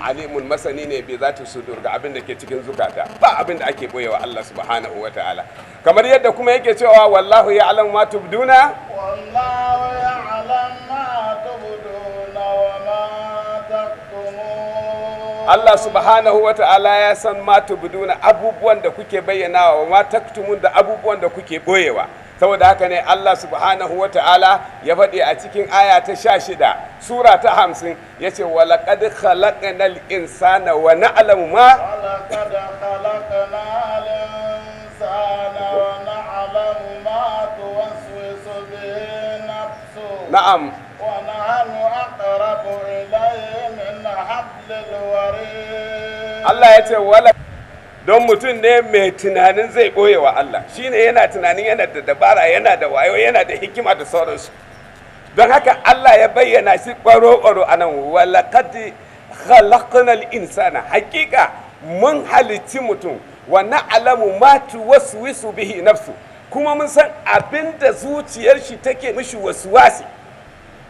alimun masani ne bai zata sudur ga abin da ke cikin zukata ba abin da ake wa Allah subhanahu wa ta'ala kamar yadda kuma yake cewa wallahu alam ma tubduna wallahu alam ma tubduna wa ma taktumun Allah subhanahu wa ta'ala ya san ma tubduna abubuwan da kuke bayyana wa ma taktumun da abubuwan da kuke boyewa saboda haka ne Allah subhanahu wa ta'ala ya faɗi a cikin aya ta sha shida sura ta hamsin ya ce wa laƙad khalaqnal insana wa na'lamu ma na'am Allah ya ce wala don mutum ne mai tunanin zai ɓoye wa Allah shine yana tunanin yana da dabara yana da wayo yana da hikima da sauransu don haka Allah ya bayyana shi ɓaro-ɓaro a nan walakadi khalaqnal insana hakika mun halicci mutum wa na'lamu ma tuwaswisu bihi nafsu kuma mun san abin da zuciyar shi take mishi wasuwasi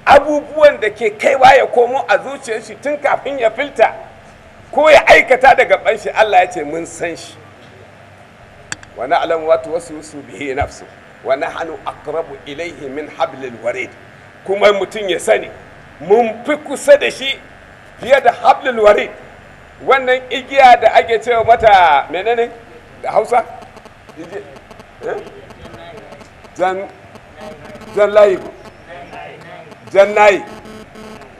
abubuwan da ke kaiwa ya komo a zuciyar shi tun kafin ya filta ko ya aikata daga banshi Allah ya ce mun san shi wa na'lamu wa tuwaswisu bihi nafsu wa nahnu aqrabu ilayhi min hablil warid kuma mutum ya sani mun fi kusa da shi fiye da hablil warid wannan igiya da ake cewa mata menene da Hausa eh? jan jan layi jan layi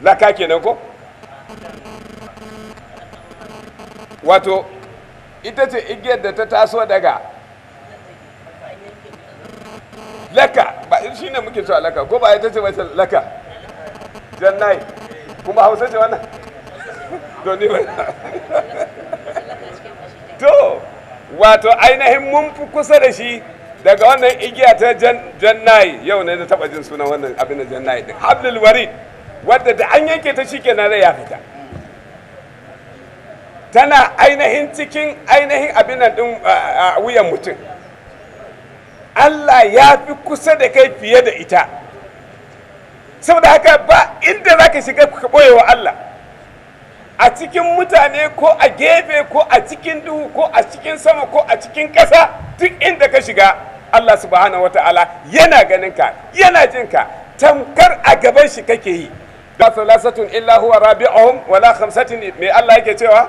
laka kenan ko wato ita ce igiyar da ta taso daga laka ba shi ne muke cewa laka ko ba ita ce wace laka jannai kuma hausa ce wannan doni ni ba to wato ainihin mun fi kusa da shi daga wannan igiya ta jannai yau ne na taba jin sunan wannan abin da jannai din hablul warid wadda da an yanke ta na rai ya fita tana ainihin cikin ainihin abin nan din wuyan mutum Allah ya fi kusa da kai fiye da ita saboda haka ba inda za ka shiga ka ɓoye wa Allah a cikin mutane ko a gefe ko a cikin duhu ko a cikin sama ko a cikin ƙasa duk inda ka shiga Allah subhanahu wa ta'ala yana ganinka yana jinka tamkar a gaban shi kake yi da salasatun illa huwa rabi'uhum wala khamsatin mai Allah yake cewa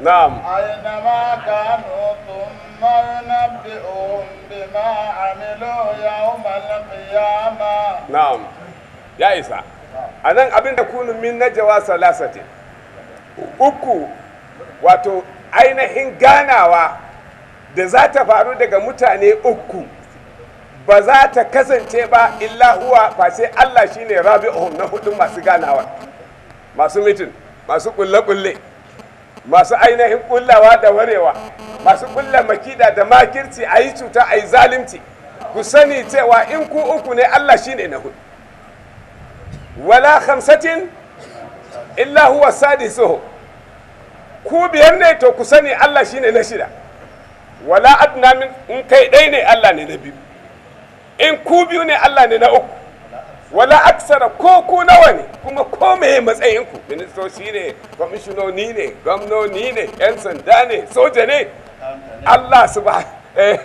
نعم أينما كانوا ثم ينبئهم بما عملوا يوم القيامة نعم يا إسا anan abin تكون من نجوى najawa salasati uku wato ainihin ganawa da za ta faru daga mutane uku ba za ta kasance ba illa huwa sai Allah shine rabi'uhum na hudun masu ganawa masu mitin masu kulle-kulle masu ainihin kullawa da warewa masu kulla makida da makirci a yi cuta a yi zalimci ku sani cewa in ku uku ne Allah shi ne na hudu wala hamsatin illa huwa soho ku biyar ne to ku sani Allah shi ne na shida wala adnamin min in kai ɗai ne Allah ne na biyu in ku biyu ne Allah ne na uku wala aksara ko ku nawa ne kuma ko meye matsayin ku ministoci ne kwamishinoni ne gwamnoni ne yan sanda ne soja ne Allah ba eh,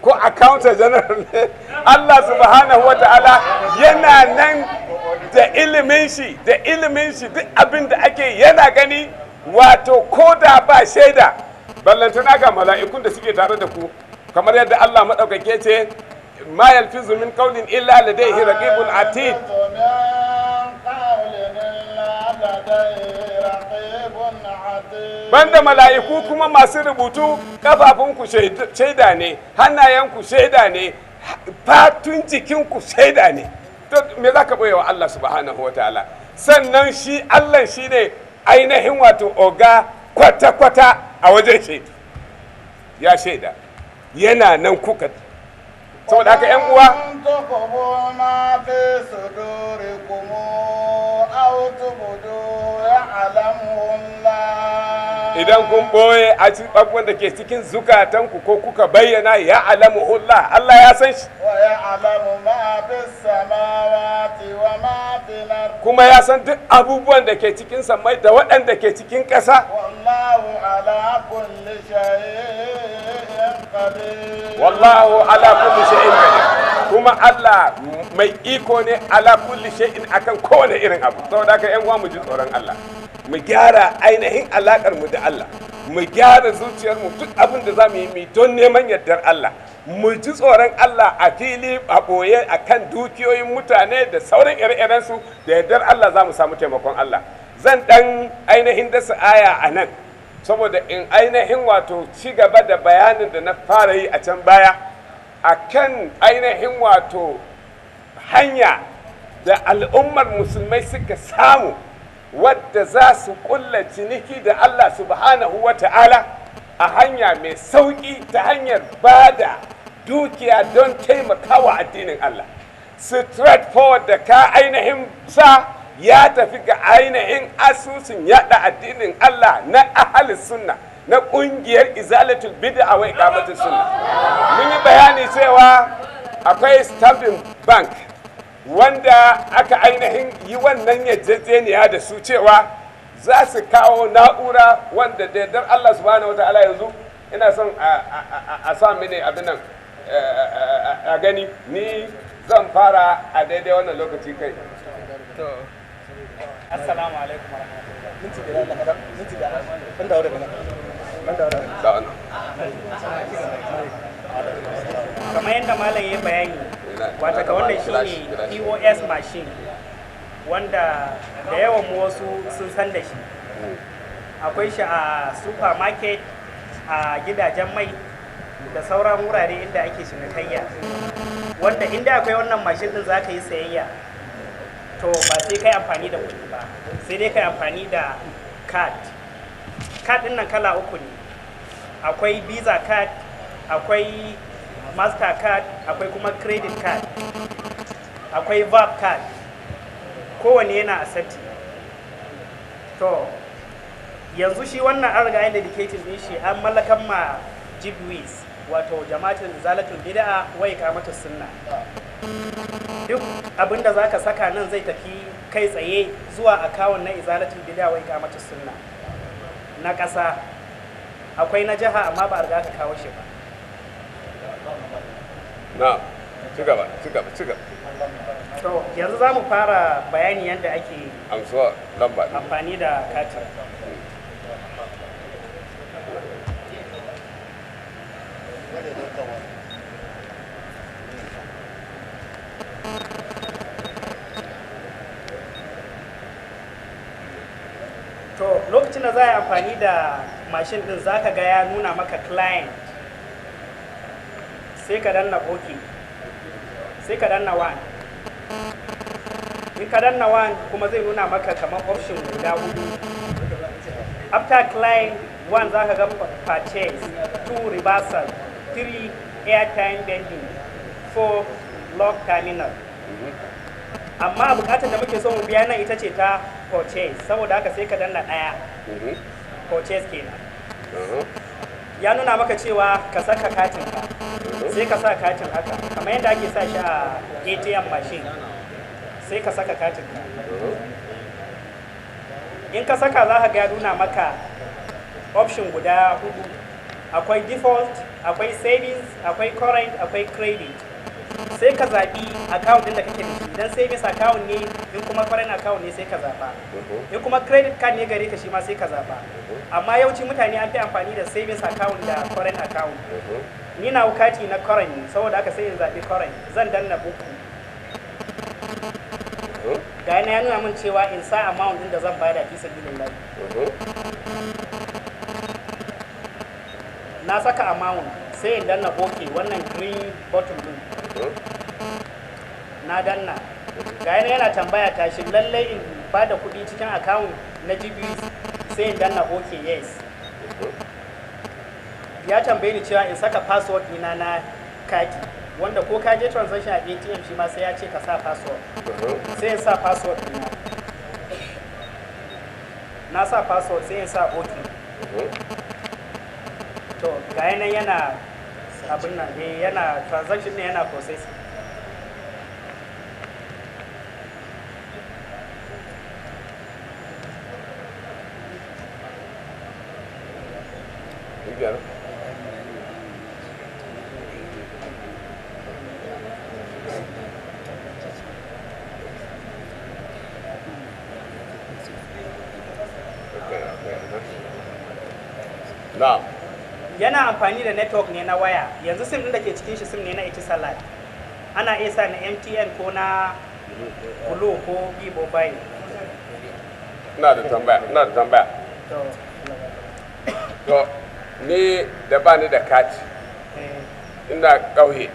ko accountant general ne Allah subhanahu ta'ala yana nan da ilimin shi da ilimin shi duk abin da ake yana gani wato ko da ba shaida ballantana ga mala'ikun da suke tare da ku kamar yadda Allah maɗaukake ce ما يلفظ من قول الا لديه رقيب عتيد banda mala'iku kuma masu rubutu kafafunku shaida ne hannayenku shaida ne fatun jikinku shaida ne to me za ka wa Allah subhanahu wa ta'ala sannan shi Allah shi ne ainihin wato oga kwata-kwata a wajen shaida ya shaida yana nan kuka saboda haka yan uwa idan kun boye a cikin abubuwan da ke cikin zukatanku ko kuka bayyana ya alamu Allah Allah ya san shi kuma ya san duk abubuwan da ke cikin samai da waɗanda ke cikin ƙasa wallahu ala kulli shay'in qadir wallahu ala kulli ne kuma Allah mai iko ne ala kulli a akan kowane irin abu saboda haka yan uwa mu ji tsoron Allah mu gyara ainihin alakar mu da Allah mu gyara zuciyar mu duk abin da zamu yi mu don neman yardar Allah mu ji tsoron Allah a fili a boye kan dukiyoyin mutane da sauran ire-iren su da yardar Allah zamu samu taimakon Allah zan ɗan ainihin dasa aya a nan saboda in ainihin wato ci gaba da bayanin da na fara yi a can baya a kan ainihin wato hanya da al'ummar musulmai suka samu wadda za su kulla ciniki da Allah subhanahu wa ta'ala a hanya mai sauƙi ta hanyar bada dukiya don taimakawa addinin Allah straightforward da ka ainihin sa ya tafi ga ainihin asusun yada addinin Allah na ahal sunna na ƙungiyar izalatul bid'a wa iqamatus sunna mun yi bayani cewa akwai stabbing bank wanda aka ainihin yi wannan yajejeniya da su cewa za su kawo na'ura wanda daidar Allah subhanahu wataala yanzu ina son a sa mini abin nan eh, eh, a gani ni zan fara a daidai wannan lokaci kai assalamu alaikum warahmatullahi kamar yadda malam ya bayani wata ka wannan ne POS machine wanda da yawan wasu sun san da shi akwai shi a supermarket a gidajen mai da sauran wurare inda ake cinikayya wanda inda akwai wannan mashin din za ka yi sayayya to ba sai kai amfani da kuɗi ba sai dai kai amfani da card card din nan kala uku ne akwai visa card akwai master card akwai kuma credit card akwai vap card kowane yana asati to yanzu shi wannan an riga dedicated ne shi an mallakan ma jibwis wato jama'atin zalatul bid'a wai mata sunna duk abinda zaka saka nan zai tafi kai tsaye zuwa akawun na izalatul bid'a wai mata sunna na ƙasa akwai na jiha amma ba a riga ka kawo shi ba na ci gaba ci gaba ci gaba to yanzu za mu fara bayani yadda ake amsuwa lamba amfani da katin to lokacin da za a yi amfani da mashin din zaka ga ya nuna maka client sai ka danna ok sai ka danna one in ka danna one kuma zai nuna maka kamar option guda hudu after client one zaka ga purchase two reversal three airtime bending four lock terminal amma bukatar da muke so mu biya nan ita ce ta purchase saboda haka sai ka danna daya mhm. coaches kenan ya nuna maka cewa ka saka katin ka mhm. sai ka sa katin haka kamar yadda ake sa shi a atm machine sai ka saka katin ka mhm. in ka saka za ka ga ya nuna maka option guda hudu akwai default akwai savings akwai current akwai credit sai ka zaɓi account ɗin da kake da shi dan bisa account ne in kuma foreign account ne sai ka zaɓa mhm. in kuma credit card ne gare ka shi ma sai ka zaɓa mhm. amma yawanci mutane an fi amfani da savings account da foreign account mhm. ni na wukati na current saboda aka sai in zaɓi current zan danna buku ga yana ya nuna min cewa in sa amount ɗin da zan da fi sabilillahi na saka amount sai in danna boke wannan green button ɗin. na danna ga yana yana tambaya ta shi lallai in ba da kuɗi cikin akawun na gbs sai in danna ok yes ya tambaye ni cewa in saka password ɗina na kati wanda ko ka je transaction a atm shi ma sai ya ce ka sa password sai in sa password dina na sa password sai in sa ok to ga yana yana abin eh, yana transaction ne yana processing amfani da network ne na waya yanzu sim din da ke cikin shi sim ne na etisalat ana iya sa na mtn ko na glo ko bibo bayi ina da tambaya ina da tambaya to ni da ba ni da kati eh. ina ƙauye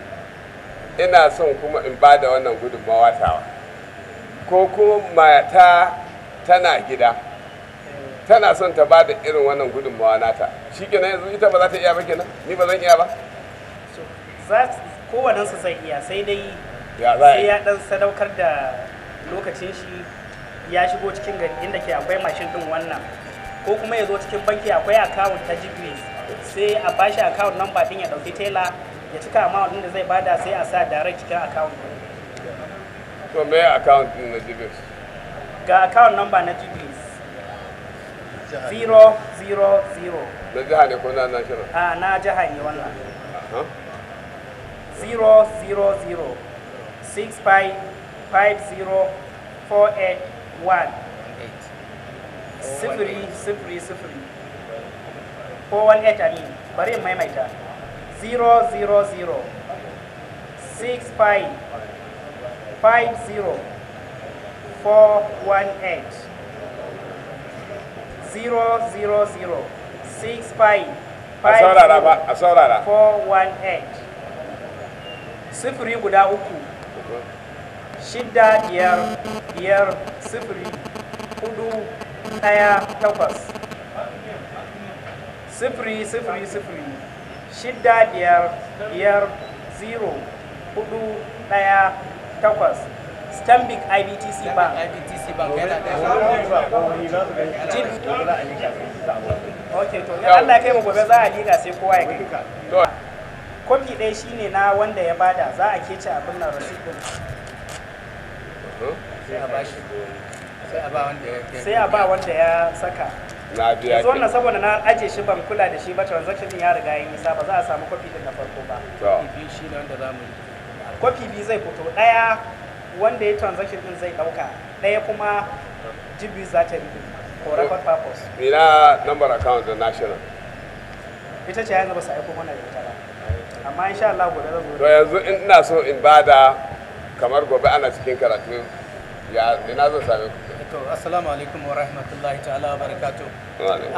ina son kuma in ba da wannan gudunmawa tawa ko kuma mata tana gida tana son ta ba da irin wannan gudunmawa nata shi kenan yanzu ita ba za ta iya ba kenan ni ba zan iya ba kowannen su zai iya sai dai sai ya dan sadaukar da lokacin shi ya shigo cikin gari inda ke akwai mashin din wannan ko kuma ya zo cikin banki akwai account ta jibis sai a bashi account number din ya dauki tela ya cika amma din da zai bada sai a sa direct cikin account to me account din na jibis ga account number na jibis 0 0 0 na jiha ne ko na national a ah, na jiha ne wannan 0 0 0 5 5 0 4 8 1 sifiri sifiri sifiri ko wani ya tani bari in maimaita 0 0 0 5 5 0 4 1 8 zero zero zero six five five four one eight. sifiri guda uku shida biyar biyar sifiri hudu daya takwas sifiri sifiri sifiri shida biyar biyar zero hudu daya takwas stanbic ibtc bank ibtc bank ok to ya allah kai mu gobe za a liga sai kowa ya kai kofi ɗaya shine na wanda ya bada za a kece abin nan rasit ɗin. sai a ba wanda ya saka na biya ke saboda na aje shi ban kula da shi ba transaction din ya riga yi nisa ba za a samu kofi din na farko ba kofi biyu shine wanda za mu kofi biyu zai fito ɗaya wanda ya transaction din zai dauka daya kuma jibi za ta rike for record purpose bila number account the national ita ce yanzu ba sai kuma mana da ita ba amma insha Allah gobe zan zo to yanzu in ina so in bada kamar gobe ana cikin karatu ya ina zan same to assalamu alaikum wa rahmatullahi ta'ala wa barakatuh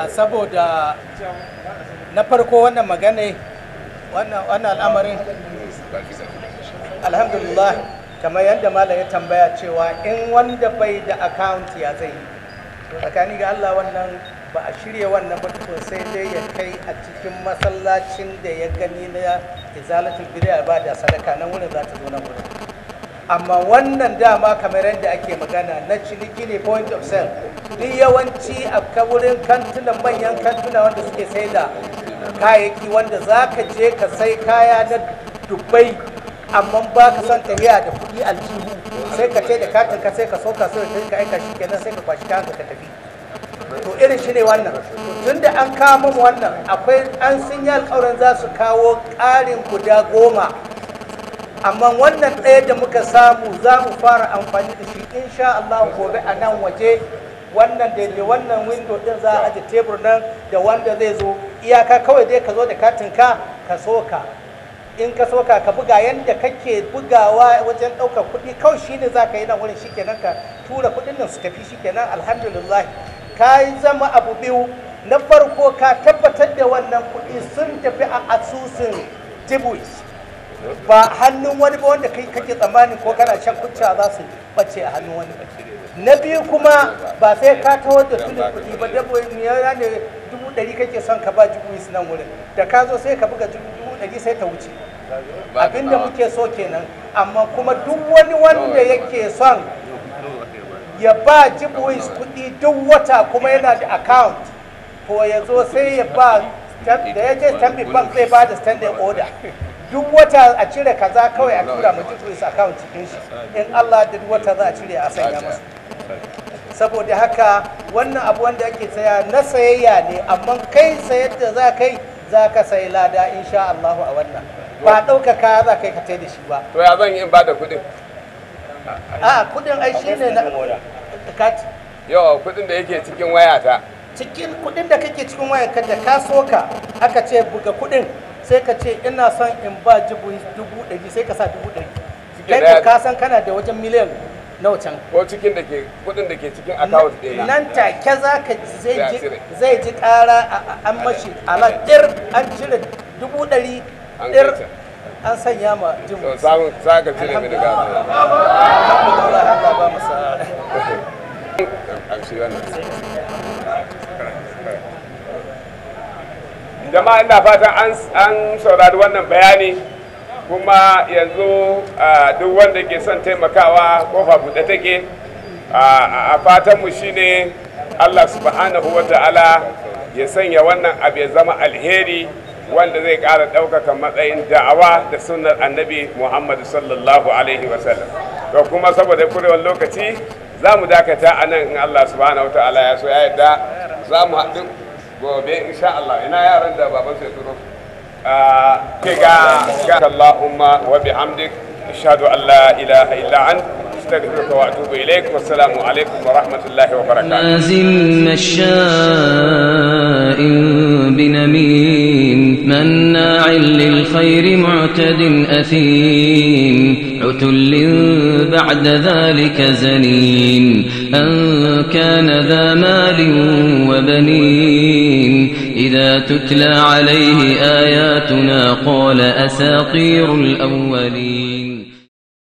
saboda na farko wannan magana wannan al'amarin alhamdulillah kamar yadda malam ya tambaya cewa in wanda bai da account ya zai yi to tsakani ga Allah wannan ba a shirya wannan ba to sai dai ya kai a cikin masallacin da ya gani na izalatul bid'a ba da sadaka nan wurin za ta zo nan wurin amma wannan dama kamar yadda ake magana na ciniki ne point of sale duk yawanci a wurin kantunan manyan kantuna wanda suke sai da kayayyaki wanda za ka je ka sai kaya na dubai amma ba ka son tafiya da kuɗi aljihu sai ka ce da katin ka sai ka ka sai ka aika shi kenan sai ka kwashi ka ka tafi to irin shi ne wannan tunda an kawo mu wannan akwai an sun yi alƙawarin za su kawo ƙarin guda goma amma wannan ɗaya da muka samu za mu fara amfani da shi insha Allah gobe a nan waje wannan daidai wannan window ɗin za a aje tebur nan da wanda zai zo iyaka kawai dai ka zo da katin ka ka ka in ka so ka buga yadda kake bugawa wajen ɗaukar kuɗi kawai shi ne za ka yi nan wurin shi kenan ka tura kuɗin nan su tafi shi kenan alhamdulillah ka yi zama abu biyu na farko ka tabbatar da wannan kuɗi sun tafi a asusun jibuit ba hannun wani ba wanda kai kake tsammanin ko kana shan kucca za su bace a hannun wani na biyu kuma ba sai ka taho da tulin kuɗi ba dabo ne dubu ɗari kake son ka ba jibuit nan wurin da ka zo sai ka buga dubu tafi sai ta wuce abinda muke so kenan amma kuma duk wani wanda yake son ya ba jibuwis kuɗi duk wata kuma yana da account ko ya zo sai ya ba da ya ce stanbic bank zai ba da standing order duk wata a cire kaza kawai a tura mu jibuwis account cikin shi in allah duk wata za a cire a sanya masa saboda haka wannan abu wanda yake saya na sayayya ne amma kai sayar da za kai za ka sai lada insha Allah a wannan ba ɗauka ka za ka yi da shi ba to ya zan yi in ba da kuɗin a kuɗin ai shi ne na kati yawa kuɗin da yake cikin wayata cikin kuɗin da kake cikin wayarka da ka soka aka ce buga kuɗin sai ka ce ina son in ba dubu ɗari sai ka sa dubu ɗari kai ka san kana da wajen miliyan nawa can ko cikin da ke kudin da ke cikin account ɗina nan take za ka zai ji ƙara an mashi alaƙir an cire dubu ɗari ɗir an sanya ma jin samun za ka cire mai daga ba masa jama'a ina fatan an saurari wannan bayani kuma yanzu duk wanda ke son taimakawa kofa buɗe take a fatanmu shine allah subhanahu wa ta'ala ya sanya wannan abu ya zama alheri wanda zai ƙara ɗaukaka matsayin da'awa da sunnar annabi muhammad sallallahu alaihi wasallam to kuma saboda kurewar lokaci za mu dakata a nan in allah subhanahu wa ta'ala ya so ya yadda za mu haɗu gobe insha allah ina yaran da baban su ya turo آه، كيغا اللهم وبحمدك أشهد أن لا إله إلا أنت أستغفرك وأتوب إليك والسلام عليكم ورحمة الله وبركاته ما زلنا الشاء بنميم مناع للخير معتد أثيم عتل بعد ذلك زنين أن كان ذا مال وبنين إذا تتلى عليه آياتنا قال أساطير الأولين